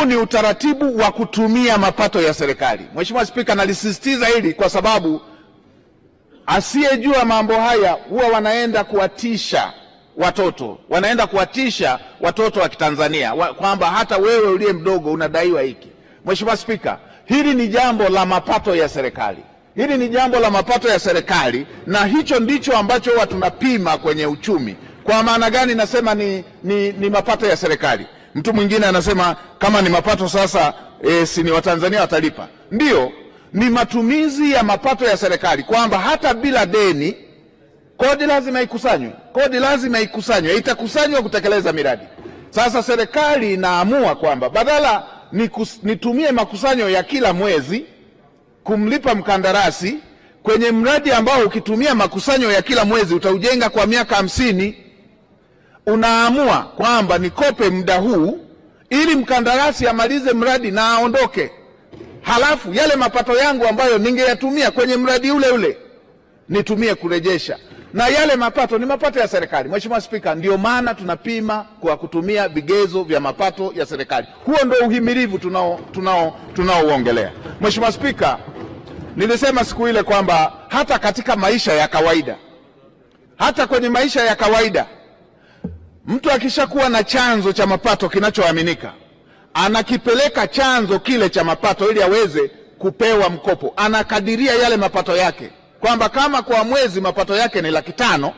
huu ni utaratibu wa kutumia mapato ya serikali. Mheshimiwa Spika, nalisisitiza hili kwa sababu asiyejua mambo haya huwa wanaenda kuwatisha watoto, wanaenda kuwatisha watoto wa Kitanzania kwamba hata wewe uliye mdogo unadaiwa hiki. Mheshimiwa Spika, hili ni jambo la mapato ya serikali, hili ni jambo la mapato ya serikali, na hicho ndicho ambacho huwa tunapima kwenye uchumi. Kwa maana gani nasema ni, ni, ni mapato ya serikali? Mtu mwingine anasema kama ni mapato sasa e, si ni Watanzania watalipa? ndio ni matumizi ya mapato ya serikali, kwamba hata bila deni kodi lazima ikusanywe, kodi lazima ikusanywe, itakusanywa kutekeleza miradi. Sasa serikali inaamua kwamba badala nitumie makusanyo ya kila mwezi kumlipa mkandarasi kwenye mradi ambao ukitumia makusanyo ya kila mwezi utaujenga kwa miaka hamsini unaamua kwamba nikope muda huu ili mkandarasi amalize mradi na aondoke, halafu yale mapato yangu ambayo ningeyatumia kwenye mradi ule ule nitumie kurejesha, na yale mapato ni mapato ya serikali. Mheshimiwa Spika, ndiyo maana tunapima kwa kutumia vigezo vya mapato ya serikali. Huo ndio uhimilivu tunao tunao tunaouongelea. Mheshimiwa Spika, nilisema siku ile kwamba hata katika maisha ya kawaida, hata kwenye maisha ya kawaida Mtu akishakuwa na chanzo cha mapato kinachoaminika, anakipeleka chanzo kile cha mapato ili aweze kupewa mkopo. Anakadiria yale mapato yake kwamba kama kwa mwezi mapato yake ni laki tano,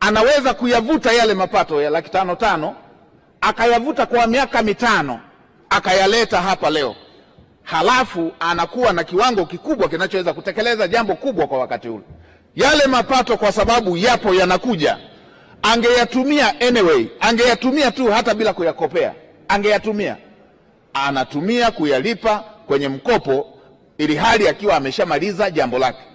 anaweza kuyavuta yale mapato ya laki tano tano, akayavuta kwa miaka mitano, akayaleta hapa leo, halafu anakuwa na kiwango kikubwa kinachoweza kutekeleza jambo kubwa kwa wakati ule. Yale mapato kwa sababu yapo yanakuja angeyatumia anyway, angeyatumia tu hata bila kuyakopea, angeyatumia anatumia kuyalipa kwenye mkopo, ili hali akiwa ameshamaliza jambo lake.